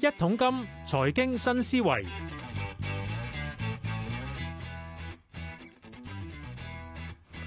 一桶金財經新思維，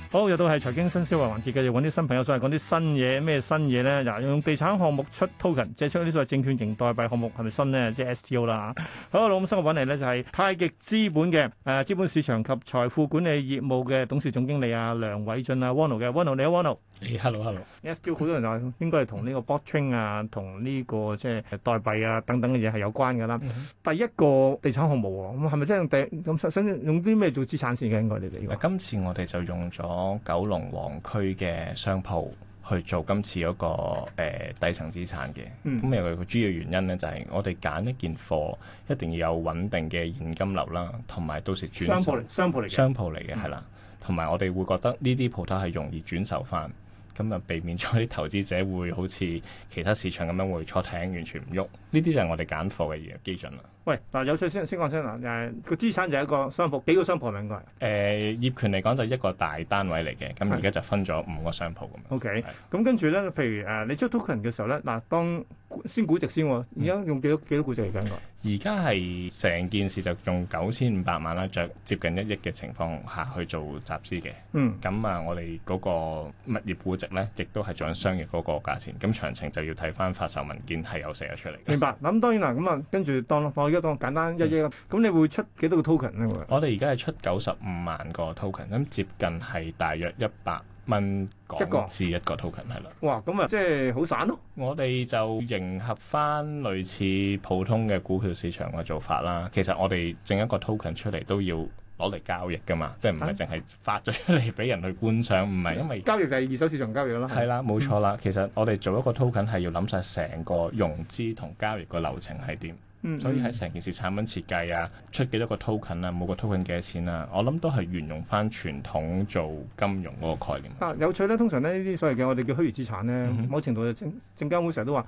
好又到係財經新思維環節，繼續揾啲新朋友上嚟講啲新嘢，咩新嘢咧？嗱、啊，用地產項目出 token，借出呢啲所謂證券型代幣項目係咪新咧？即係 STO 啦。好，老咁今日揾嚟咧就係太極資本嘅誒，資本市場及財富管理業務嘅董事總經理啊，梁偉俊啊 Wono 嘅 Wono，你好 Wono hello hello，S. Q. 好、yes，多人話應該係同呢個 Blockchain 啊，同呢、這個即係、呃、代幣啊等等嘅嘢係有關嘅啦。Mm hmm. 第一個地產項目啊，咁係咪真係第咁想用啲咩做資產先嘅？應該你哋、這個。今次我哋就用咗九龍皇區嘅商鋪去做今次嗰個誒底、呃、層資產嘅。咁有個主要原因咧，就係我哋揀一件貨一定要有穩定嘅現金流啦，同埋到時轉商鋪商鋪嚟嘅商鋪嚟嘅係啦，同埋、嗯、我哋會覺得呢啲鋪頭係容易轉售翻。咁啊，避免咗啲投資者會好似其他市場咁樣會坐艇完全唔喐，呢啲就係我哋揀貨嘅基準啦。喂，嗱有趣先先講先啦，誒、呃、個資產就係一個商鋪，幾個商鋪明唔明啊？誒、呃、業權嚟講就一個大單位嚟嘅，咁而家就分咗五個商鋪咁樣。O K，咁跟住咧，譬如誒、呃、你出 token 嘅時候咧，嗱當先估值先、哦，而家用多、嗯、幾多幾多估值嚟計嘅？而家係成件事就用九千五百萬啦，著接近一億嘅情況下去做集資嘅。嗯。咁啊，我哋嗰個物業估值咧，亦都係做緊商業嗰個價錢，咁詳情就要睇翻發售文件係有寫咗出嚟。嘅。明白。咁當然啦，咁啊跟住當而家當簡單一億咁，你會出幾多個 token 咧？我哋而家係出九十五萬個 token，咁接近係大約元元一百蚊港紙一個 token 係啦。哇，咁啊，即係好散咯。我哋就迎合翻類似普通嘅股票市場嘅做法啦。其實我哋整一個 token 出嚟都要攞嚟交易噶嘛，即係唔係淨係發咗出嚟俾人去觀賞，唔係、啊、因為交易就係二手市場交易咯。係啦，冇錯啦。嗯、其實我哋做一個 token 係要諗晒成個融資同交易個流程係點。所以喺成件事產品設計啊，出幾多個 token 啊，每個 token 幾多錢啊，我諗都係沿用翻傳統做金融嗰個概念。啊，有趣咧！通常咧呢啲所謂嘅我哋叫虛擬資產咧，嗯、哼某程度就證證監會成日都話。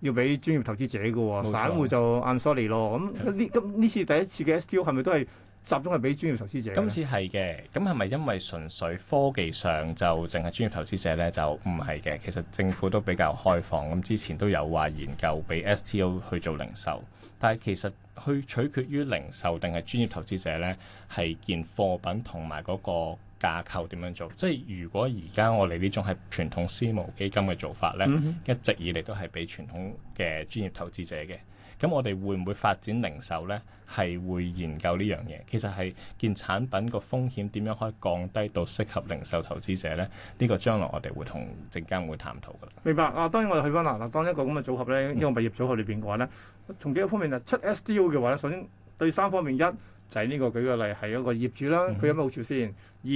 要俾專業投資者嘅散戶就 unsorry 咯。咁呢咁呢次第一次嘅 STO 係咪都係集中係俾專業投資者？今次係嘅，咁係咪因為純粹科技上就淨係專業投資者咧？就唔係嘅。其實政府都比較開放咁，之前都有話研究俾 STO 去做零售，但係其實去取決於零售定係專業投資者咧，係件貨品同埋嗰個，架構點樣做？即係如果而家我哋呢種係傳統私募基金嘅做法咧，嗯、哼一直以嚟都係俾傳統嘅專業投資者嘅。咁我哋會唔會發展零售咧？係會研究呢樣嘢。其實係件產品個風險點樣可以降低到適合零售投資者咧？呢、這個將來我哋會同證監會探討㗎喇。明白。啊，當然我哋去翻嗱，當一個咁嘅組合咧，一、嗯、個物業組合裏邊嘅話咧，從幾個方面啊，七 S D U 嘅話咧，首先第三方面一。就係呢個舉個例，係一個業主啦，佢有咩好處先？二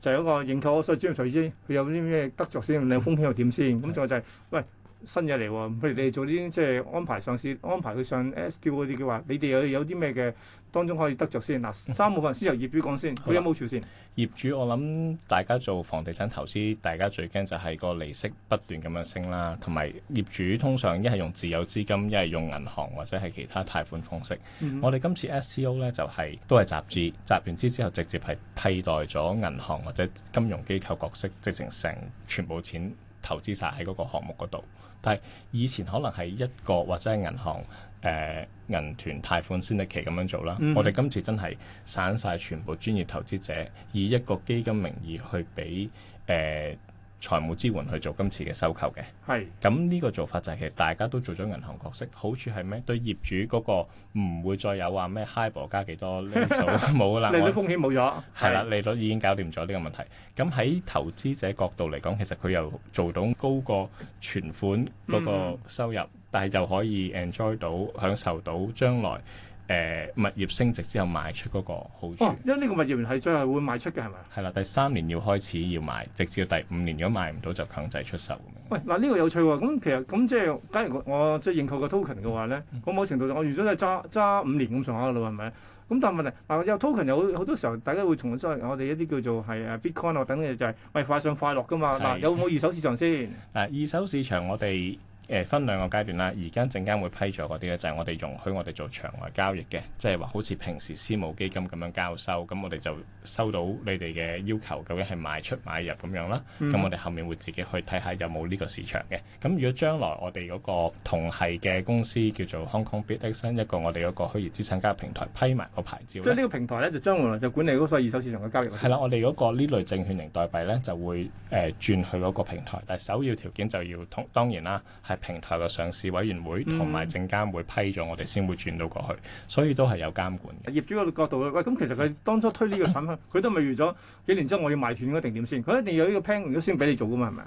就係、是、一個認購嗰個專業水先，佢有啲咩得着？先？你風險又點先？咁再、嗯、就係、是、喂。新嘢嚟喎，譬如你哋做啲即係安排上市、安排佢上 SCO 嗰啲，嘅話，你哋有有啲咩嘅當中可以得着先。嗱，三部分先由業主講先，佢的有冇好處先？業主，我諗大家做房地產投資，大家最驚就係個利息不斷咁樣升啦，同埋業主通常一係用自有資金，一係用銀行或者係其他貸款方式。Mm hmm. 我哋今次 SCO 咧就係、是、都係集資，集完資之後直接係替代咗銀行或者金融機構角色，直情成全部錢。投資晒喺嗰個項目嗰度，但係以前可能係一個或者係銀行誒、呃、銀團貸款先得期咁樣做啦。Mm hmm. 我哋今次真係散晒全部專業投資者，以一個基金名義去俾誒。呃財務支援去做今次嘅收購嘅，係咁呢個做法就係其實大家都做咗銀行角色，好處係咩？對業主嗰個唔會再有話咩 highball 加幾多呢？ 數冇啦，利率風險冇咗，係啦我，利率已經搞掂咗呢個問題。咁喺是投資者角度嚟講，其實佢又做到高過存款嗰個收入，嗯、但係又可以 enjoy 到享受到將來。誒、呃、物業升值之後賣出嗰個好處，哦、因為呢個物業係最後會賣出嘅，係咪？係啦，第三年要開始要賣，直至到第五年，如果賣唔到就強制出售。喂，嗱、這、呢個有趣喎、哦，咁、嗯、其實咁即係假如我即係認購個 token 嘅話咧，咁某程度上我預咗係揸揸五年咁上下咯，係咪？咁但係問題嗱，有 token 有好多時候，大家會從容收。我哋一啲叫做係啊 bitcoin 啊等嘅就係喂，快上快落㗎嘛。嗱的、啊，有冇二手市場先？係、啊、二手市場，我哋。誒、呃、分兩個階段啦，而家陣間會批咗嗰啲咧，就係我哋容許我哋做場外交易嘅，即係話好似平時私募基金咁樣交收，咁我哋就收到你哋嘅要求，究竟係賣出買入咁樣啦。咁、嗯、我哋後面會自己去睇下有冇呢個市場嘅。咁如果將來我哋嗰個同係嘅公司叫做 Hong Kong Bitex，一個我哋嗰個虛擬資產交易平台批埋個牌照。即係呢個平台咧，就將來就管理嗰個二手市場嘅交易。係、嗯、啦，我哋嗰個呢類證券型代幣咧，就會誒、呃、轉去嗰個平台，但係首要條件就要同當然啦，係。平台嘅上市委員會同埋證監會批咗，我哋先會轉到過去，所以都係有監管嘅。業主嘅角度，喂，咁其實佢當初推呢個產品，佢 都未預咗幾年之後我要賣斷嘅定點先，佢一定有呢個 plan，如果先俾你做噶嘛，係咪啊？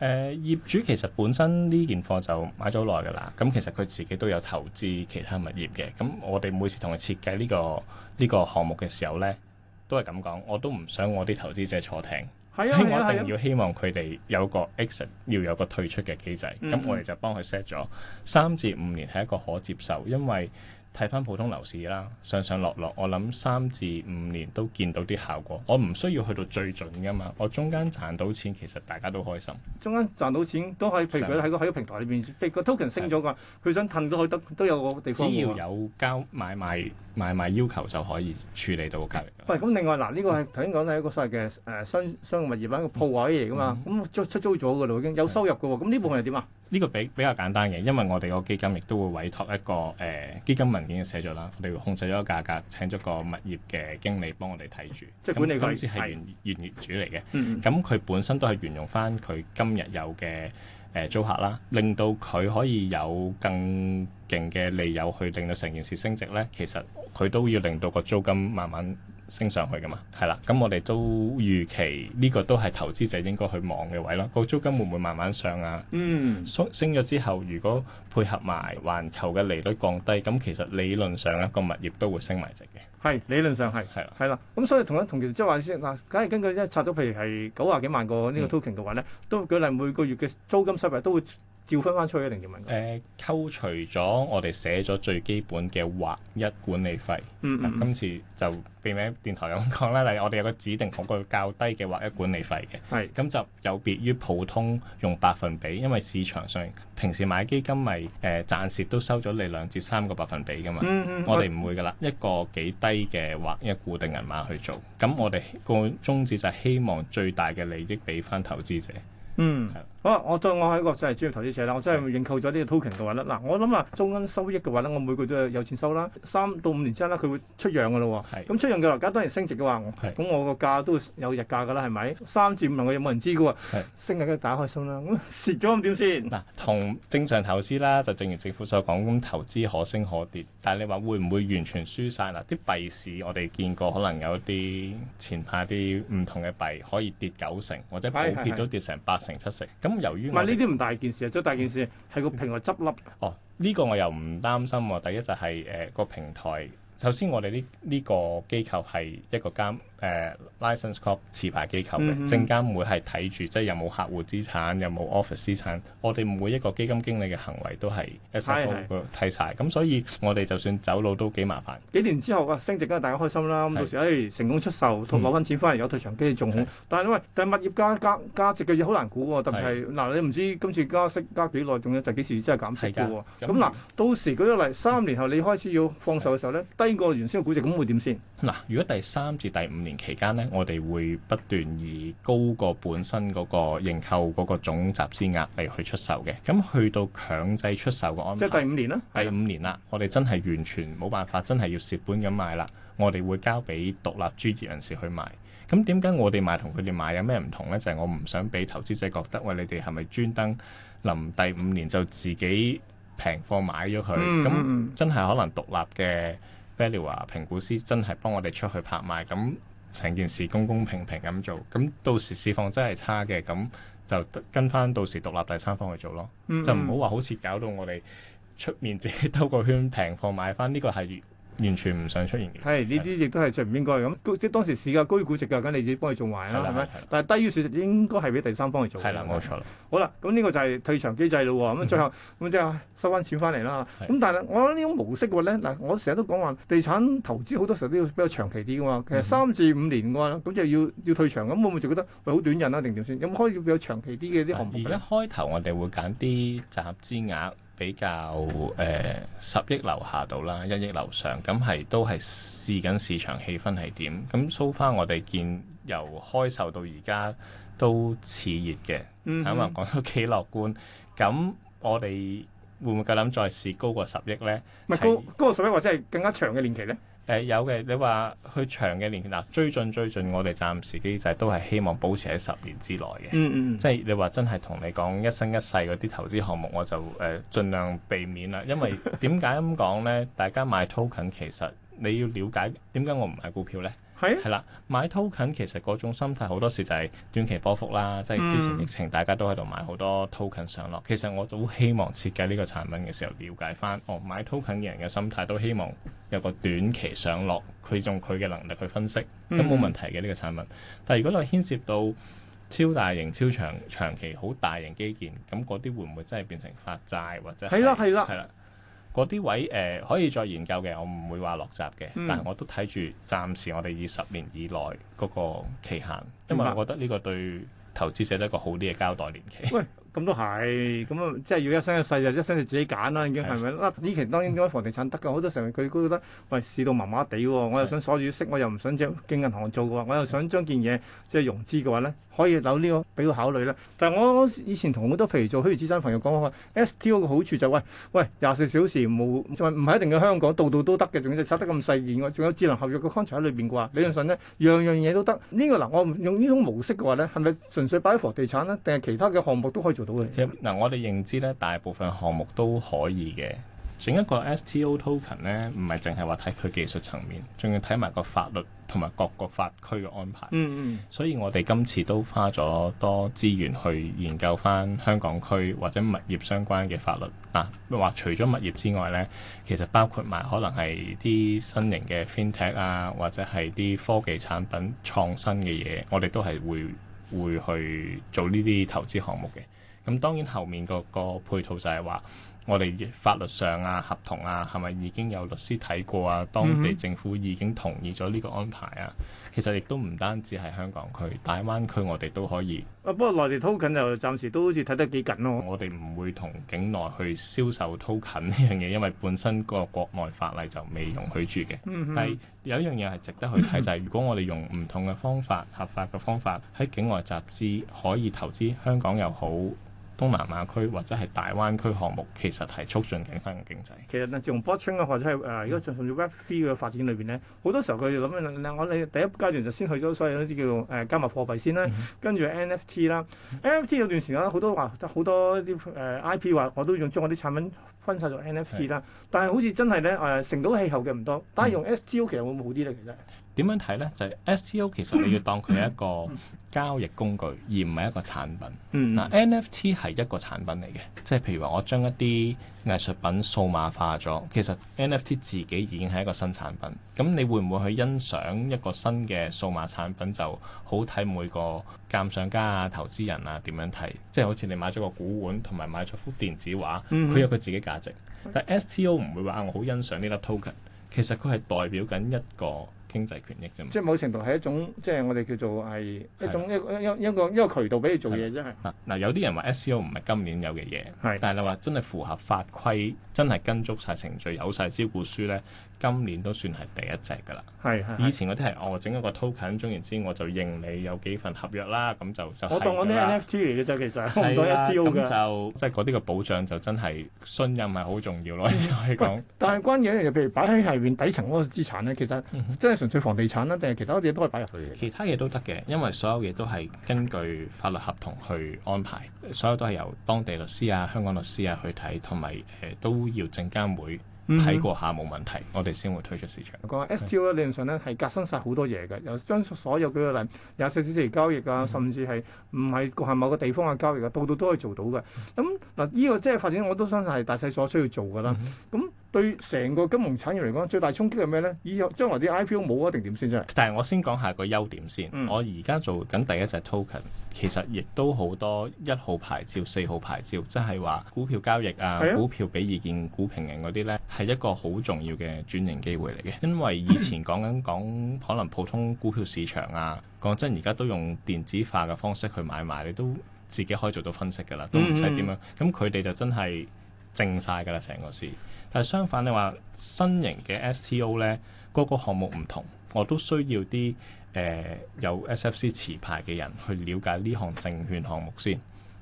誒、呃，業主其實本身呢件貨就買咗耐㗎啦，咁其實佢自己都有投資其他物業嘅，咁我哋每次同佢設計呢個呢、呢個項目嘅時候咧，都係咁講，我都唔想我啲投資者坐艇。所以我一定要希望佢哋有個 exit，要有個退出嘅機制。咁、嗯嗯、我哋就幫佢 set 咗三至五年係一個可接受，因為，睇翻普通樓市啦，上上落落，我諗三至五年都見到啲效果。我唔需要去到最準㗎嘛，我中間賺到錢其實大家都開心。中間賺到錢都係譬如佢喺個喺個平台裏邊，譬的如個 token 升咗㗎，佢想騰都去得，都有個地方。只要有交買賣買賣要求，就可以處理到隔離。喂，咁另外嗱，呢、這個係頭先講係一個所謂嘅誒商商業物業品嘅鋪位嚟㗎嘛，咁出、嗯、出租咗㗎喇，已經有收入㗎喎，咁呢的部分係點啊？呢個比比較簡單嘅，因為我哋個基金亦都會委託一個誒、呃、基金民。已經寫咗啦，我哋控制咗個價格，請咗個物業嘅經理幫我哋睇住。即係管理費，咁先係原是原業主嚟嘅。咁佢、嗯、本身都係沿用翻佢今日有嘅誒、呃、租客啦，令到佢可以有更勁嘅理由去令到成件事升值咧。其實佢都要令到個租金慢慢，升上去噶嘛，係啦，咁、嗯、我哋都預期呢、這個都係投資者應該去望嘅位咯。個租金會唔會慢慢上啊？嗯，升升咗之後，如果配合埋環球嘅利率降低，咁、嗯、其實理論上一個物業都會升埋值嘅。係理論上係，係啦的，係啦的。咁所以同一同即係話先嗱，梗、就、係、是、根據一係拆到譬如係九啊幾萬個呢個 token 嘅、嗯、話咧，都舉例每個月嘅租金收入都會。調分翻出一定叫問？誒、呃、扣除咗我哋寫咗最基本嘅劃一管理費，嗱、嗯嗯啊、今次就俾名電台咁講啦。例如我哋有個指定好過較低嘅劃一管理費嘅，係咁是就有別於普通用百分比，因為市場上平時買基金咪、就、誒、是呃、暫時都收咗你兩至三個百分比噶嘛，嗯嗯嗯、我哋唔會噶啦，嗯、一個幾低嘅劃一固定銀碼去做，咁我哋個宗旨就係希望最大嘅利益俾翻投資者，嗯。好，我再我一個真係專業投資者啦，我真係認購咗呢個 token 嘅話咧，嗱我諗啊，租金收益嘅話咧，我每個月都有錢收啦。三到五年之間咧，佢會出讓嘅咯喎。咁是出讓嘅樓價當然升值嘅話，咁是我個價都有日價嘅啦，係咪？三至五年我有冇人知嘅喎？是升嘅梗打開心啦。咁蝕咗咁點先？嗱，同正常投資啦，就正如政府所講咁，投資可升可跌。但係你話會唔會完全輸晒？啊？啲幣市我哋見過，可能有啲前排啲唔同嘅幣可以跌九成，或者暴跌都跌成八成七成是是是咁由於唔係呢啲唔大件事，即係大件事係個平台執笠。哦，呢、呢個我又唔擔心喎。第一就係、是、誒、呃、個平台，首先我哋呢呢個機構係一個監。誒、呃、license cop 持牌機構嘅證、嗯嗯、監會係睇住，即係有冇客戶資產，有冇 office 資產。我哋每一個基金經理嘅行為都係一曬，睇晒是。咁所以我哋就算走佬都幾麻煩。幾年之後啊，升值梗係大家開心啦。咁、嗯、是到時，誒、哎、成功出售同攞翻錢翻嚟有退場機會，仲好。是但係喂，但係物業加加價值嘅嘢好難估喎、喔。特別係嗱是，你唔知今次加息加幾耐，仲有第幾時真係減息咁嗱，到時舉個例，三年後你開始要放售嘅時候咧，低過原先嘅估值，咁會點先？嗱，如果第三至第五年。期間咧，我哋會不斷以高過本身嗰個認購嗰個總集資額嚟去出售嘅。咁去到強制出售個安排，即係第五年啦。第五年啦，的我哋真係完全冇辦法，真係要蝕本咁賣啦。我哋會交俾獨立專業人士去賣。咁點解我哋賣同佢哋賣有咩唔同咧？就係、是、我唔想俾投資者覺得喂，你哋係咪專登臨第五年就自己平貨買咗佢？咁、嗯嗯嗯、真係可能獨立嘅 value 啊，評估師真係幫我哋出去拍賣咁。成件事公公平平咁做，咁到時市況真係差嘅，咁就跟翻到時獨立第三方去做咯，mm hmm. 就唔好話好似搞到我哋出面自己兜個圈平貨買翻，呢、這個係。完全唔想出現係呢啲，亦都係最唔應該咁。啲的當時市價高於估值嘅，咁你自己幫佢做埋啦，係咪？但係低於市值應該係俾第三方去做。係啦，冇錯啦。好啦，咁呢個就係退場機制咯。咁最後咁、嗯、就收翻錢翻嚟啦。咁的但係我諗呢種模式嘅話咧，嗱，我成日都講話地產投資好多時候都要比較長期啲嘅嘛。其實三至五年嘅話，咁就要要退場咁，會唔會就覺得係好短人啊？定點先？有冇開比較長期啲嘅啲項目？開一開頭我哋會揀啲集合資額。比較誒、呃、十億樓下度啦，一億樓上咁係都係試緊市場氣氛係點。咁 so far 我哋見由開售到而家都似熱嘅，睇能、嗯嗯、講都幾樂觀。咁我哋會唔會夠膽再試高過十億咧？唔係，係高高過十億，或者係更加長嘅年期咧？誒、呃、有嘅，你話去長嘅年期嗱，啊，追進追進，我哋暫時機制都係希望保持喺十年之內嘅。嗯嗯，即係你話真係同你講一生一世嗰啲投資項目，我就誒盡，呃、量避免啦。因為點解咁講咧？ 大家買 token 其實你要了解點解我唔買股票咧？係啦，買 token 其實嗰種心態好多時就係短期波幅啦，即係之前疫情大家都喺度買好多 token 上落。其實我都希望設計呢個產品嘅時候，了解翻哦，買、oh, token 嘅人嘅心態都希望有個短期上落，佢用佢嘅能力去分析，咁冇問題嘅呢個產品。但係如果你牽涉到超大型、超長長期、好大型基建，咁嗰啲會唔會真係變成發債或者係啦係啦係啦。嗰啲位誒、呃、可以再研究嘅，我唔會話落閘嘅，嗯、但係我都睇住，暫時我哋二十年以內嗰個期限，因為我覺得呢個對投資者都一個好啲嘅交代年期。嗯 咁都係，咁啊，即係要一生一世就一生就自己揀啦，已經係咪？嗱的，以前當然應該房地產得嘅，好多時候佢覺得喂市道麻麻地，的我又想鎖住息，我又唔想將經銀行做嘅話，的我又想將件嘢即係融資嘅話咧，可以有呢、這個俾佢考慮啦。但係我以前同好多譬如做虛擬資產朋友講話，STO 嘅好處就係、喂喂廿四小時冇，唔係一定喺香港度度都得嘅，仲要拆得咁細件，仲有智能合約嘅 contract 喺裏邊嘅話，理論上咧，樣樣嘢都得。呢、這個嗱，我用呢種模式嘅話咧，係咪純粹擺喺房地產咧，定係其他嘅項目都可以？嗱，我哋認知咧，大部分項目都可以嘅。整一個 S T O Token 咧，唔係淨係話睇佢技術層面，仲要睇埋個法律同埋各個法區嘅安排。嗯嗯。所以我哋今次都花咗多資源去研究翻香港區或者物業相關嘅法律嗱。話、啊、除咗物業之外咧，其實包括埋可能係啲新型嘅 FinTech 啊，或者係啲科技產品創新嘅嘢，我哋都係會會去做呢啲投資項目嘅。咁當然後面嗰個配套就係話。我哋法律上啊、合同啊，係咪已經有律師睇過啊？當地政府已經同意咗呢個安排啊。其實亦都唔單止係香港區，大灣區我哋都可以。啊，不過內地 token 就暫時都好似睇得幾緊咯。我哋唔會同境內去銷售 token 呢樣嘢，因為本身個國內法例就未容許住嘅。嗯啊、但係有一樣嘢係值得去睇，就係、是、如果我哋用唔同嘅方法、合法嘅方法喺境外集資，可以投資香港又好。東南亞區或者係大灣區項目，其實係促進緊香港經濟。其實自從 blockchain 或者係誒，如果甚至 Web three 嘅發展裏邊咧，好多時候佢諗、呃，我哋第一階段就先去咗所謂嗰啲叫做誒、呃、加密貨幣先、嗯、哼 啦，跟住 NFT 啦。NFT 有段時間好多話好、啊、多啲誒、啊呃、IP 話，我都用將我啲產品分散做 NFT 啦。嗯、哼 但係好似真係咧誒，成到氣候嘅唔多，但係用 STO、嗯、其實會唔會好啲咧？其實。點樣睇呢？就係、是、S T O 其實你要當佢係一個交易工具，嗯嗯、而唔係一個產品。嗱 N F T 係一個產品嚟嘅，即係譬如話我將一啲藝術品數碼化咗，其實 N F T 自己已經係一個新產品。咁你會唔會去欣賞一個新嘅數碼產品？就好睇每個鑑賞家啊、投資人啊點樣睇。即係好似你買咗個古玩，同埋買咗幅電子畫，佢、嗯、哼有佢自己價值。但 S T O 唔會話我好欣賞呢粒 token，其實佢係代表緊一個。經濟權益啫，即係某程度係一種，即係我哋叫做係一種一個是的 一個一個一個渠道俾你做嘢，真、啊、係。嗱、啊，有啲人話 SEO 唔係今年有嘅嘢，是的 但係你話真係符合法規，真係跟足晒程序，有晒招股書咧。今年都算係第一隻㗎啦，係以前嗰啲係我整一個 token，總言之我就認你有幾份合約啦，咁就就係、我當我啲 NFT 嚟嘅啫，其實，唔到 ESG 嘅。就即係嗰啲嘅保障就真係信任係好重要咯。可以講，但係關嘅一就譬如擺喺下面底層嗰個資產咧，其實即係純粹房地產啦，定係其他嘢都可以擺入去其他嘢都得嘅，因為所有嘢都係根據法律合同去安排，所有都係由當地律師啊、香港律師啊去睇，同埋誒都要證監會。睇、嗯、過下冇問題，我哋先會推出市場。講 S T O 理論上咧係革新晒好多嘢嘅，又將所有舉個例，二十四小時交易啊，嗯、哼甚至係唔係局限某個地方嘅交易啊，度度都可以做到嘅。咁嗱，依、這個即係發展，我都相信係大勢所需要做㗎啦。咁、嗯哼對成個金融產業嚟講，最大衝擊係咩呢？以後將來啲 IPO 冇一定點先出嚟？但係我先講下個優點先。嗯、我而家做緊第一隻 token，其實亦都好多一號牌照、四號牌照，即係話股票交易啊、股票畀意見股評人嗰啲呢，係一個好重要嘅轉型機會嚟嘅。因為以前講緊講、嗯、可能普通股票市場啊，講真而家都用電子化嘅方式去買賣，你都自己可以做到分析㗎啦，都唔使點樣。咁佢哋就真係。正晒㗎啦！成個市，但係相反，你話新型嘅 S T O 咧，個個項目唔同，我都需要啲誒、呃、有 S F C 持牌嘅人去了解呢項證券項目先，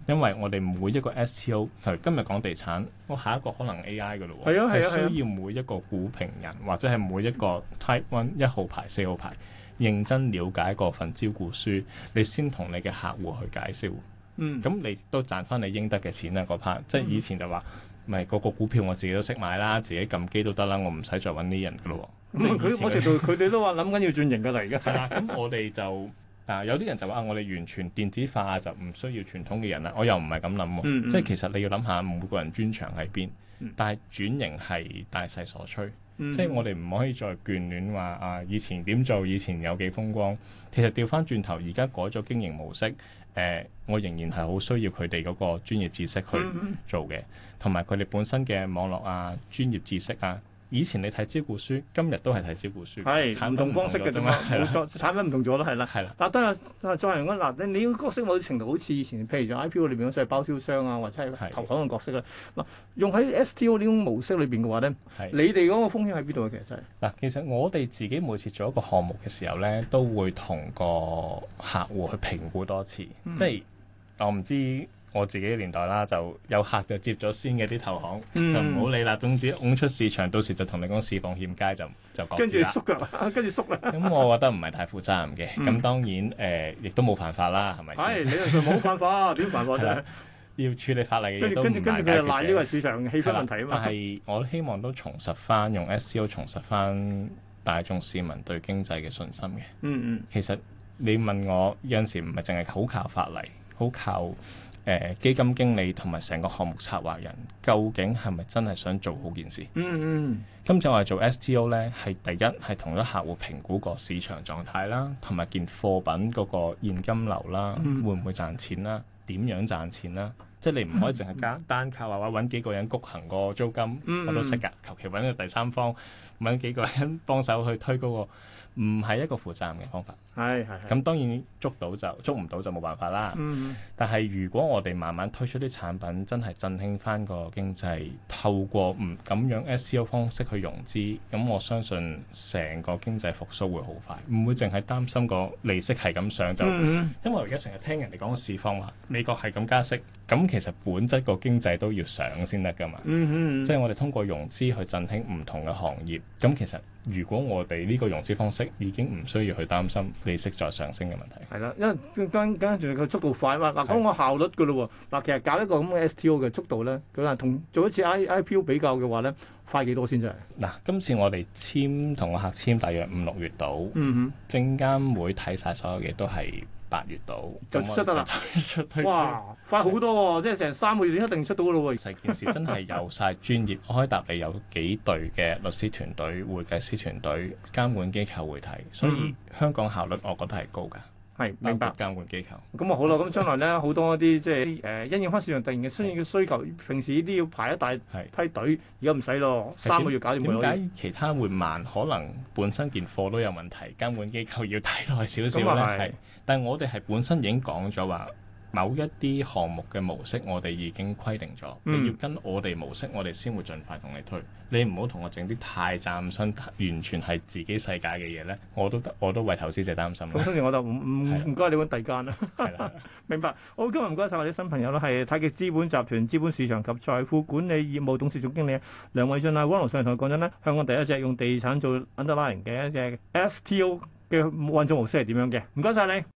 因為我哋每一個 S T O，譬如今日講地產，我下一個可能 A I 嘅咯，係啊，係啊，係啊，需要每一個股評人或者係每一個 Type One 一號牌四號牌認真了解嗰份招股書，你先同你嘅客戶去介紹。嗯，咁你都賺翻你應得嘅錢啦。嗰 part 即係以前就話。咪個個股票我自己都識買啦，自己撳機都得啦，我唔使再揾呢人㗎咯。咁佢哋都話諗緊要轉型㗎啦， 而家係啦。咁、嗯、 我哋就啊，有啲人就話我哋完全電子化就唔需要傳統嘅人啦。我又唔係咁諗喎，嗯嗯、即係其實你要諗下每個人專長喺邊。嗯、但係轉型係大勢所趨，嗯、即係我哋唔可以再眷戀話啊以前點做，以前有幾風光。其實調翻轉頭，而家改咗經營模式。誒、呃，我仍然係好需要佢哋嗰個專業知識去做嘅，同埋佢哋本身嘅網絡啊、專業知識啊。以前你睇招股書，今日都係睇招股書。係，產唔同方式嘅啫嘛，合作產品唔同咗都係啦。係啦。嗱，當下再行嗱，你你角色某程度好似以前，譬如就 IPO 裏邊嗰種包銷商啊，或者係投行嘅角色咧。嗱，用喺 STO 呢種模式裏邊嘅話咧，你哋嗰個風險喺邊度啊？其實嗱，其實我哋自己每次做一個項目嘅時候咧，都會同個客戶去評估多次，即係我唔知。我自己年代啦，就有客就接咗先嘅啲投行，嗯、就唔好理啦。總之拱出市場，到時就同你講市況欠佳，就就跟住縮腳啦、啊，跟住縮啦。咁我覺得唔係太負責任嘅。咁、嗯嗯、當然誒、呃，亦都冇犯法啦，係咪、嗯？係理論上冇犯法，點 犯法就要處理法例嘅嘢都唔係。跟住跟住佢就賴呢個市場氣氛問題啊嘛。但係我希望都重拾翻用 S C O 重拾翻大眾市民對經濟嘅信心嘅、嗯。嗯嗯，其實你問我有陣時唔係淨係好靠法例，好靠。誒基金經理同埋成個項目策劃人，究竟係咪真係想做好件事？嗯嗯。嗯今次我哋做 S T O 咧，係第一係同咗客戶評估個市場狀態啦，同埋件貨品嗰個現金流啦，嗯、會唔會賺錢啦？點樣賺錢啦？即係你唔可以淨係單靠話揾幾個人焗行個租金，我都識㗎。求其揾個第三方，揾幾個人幫手去推嗰、嗰個。唔係一個負責任嘅方法。係係。咁 當然捉到就捉唔到就冇辦法啦。 但係如果我哋慢慢推出啲產品，真係振興翻個經濟，透過唔咁樣 SEO 方式去融資，咁我相信成個經濟復甦會好快，唔會淨係擔心個利息係咁上就。嗯嗯。 因為我而家成日聽人哋講個市況話美國係咁加息，咁其實本質個經濟都要上先得噶嘛。即係 我哋通過融資去振興唔同嘅行業，咁其實。如果我哋呢個融資方式已經唔需要去擔心利息再上升嘅問題，係啦，因為跟跟住佢速度快，嘛。嗱講我效率嘅咯喎，嗱係其實搞一個咁嘅 S T O 嘅速度咧，佢同做一次 I I P O 比較嘅話咧，快幾多先真係？嗱，今次我哋簽同個客簽，大約五六月度，嗯、哼、證監會睇晒所有嘢都係。八月到就，就出得啦！哇，哇快好多喎、哦！ 即係成三個月一定出到嘅咯喎！成 件事真係有曬專業開答你有幾隊嘅律師團隊、 會計師團隊、監管機構會睇，所以香港效率我覺得係高㗎。嗯 係、 嗯，明白。監管機構咁啊，好啦，咁將來咧，好多啲即係誒，因應翻市場突然嘅需要嘅需求，平時呢啲要排一大批隊，而家唔使咯，是三個月搞掂佢咯。點解其他會慢？可能本身件貨都有問題，監管機構要睇耐少少咧。就是、是但係我哋係本身已經講咗話。某一啲項目嘅模式，我哋已經規定咗，嗯、你要跟我哋模式，我哋先會盡快同你推。你唔好同我整啲太斬新，完全係自己世界嘅嘢咧，我都我都為投資者擔心啦。咁當然我就唔唔唔該，你揾第間啦。 明白。好，今日唔該晒我哋新朋友啦，係泰極資本集團資本市場及財富管理業務董事總經理梁偉俊啊，黃龍上嚟同佢講真咧，香港第一隻用地產做 underlying 嘅一隻 STO 嘅運作模式係點樣嘅？唔該晒你。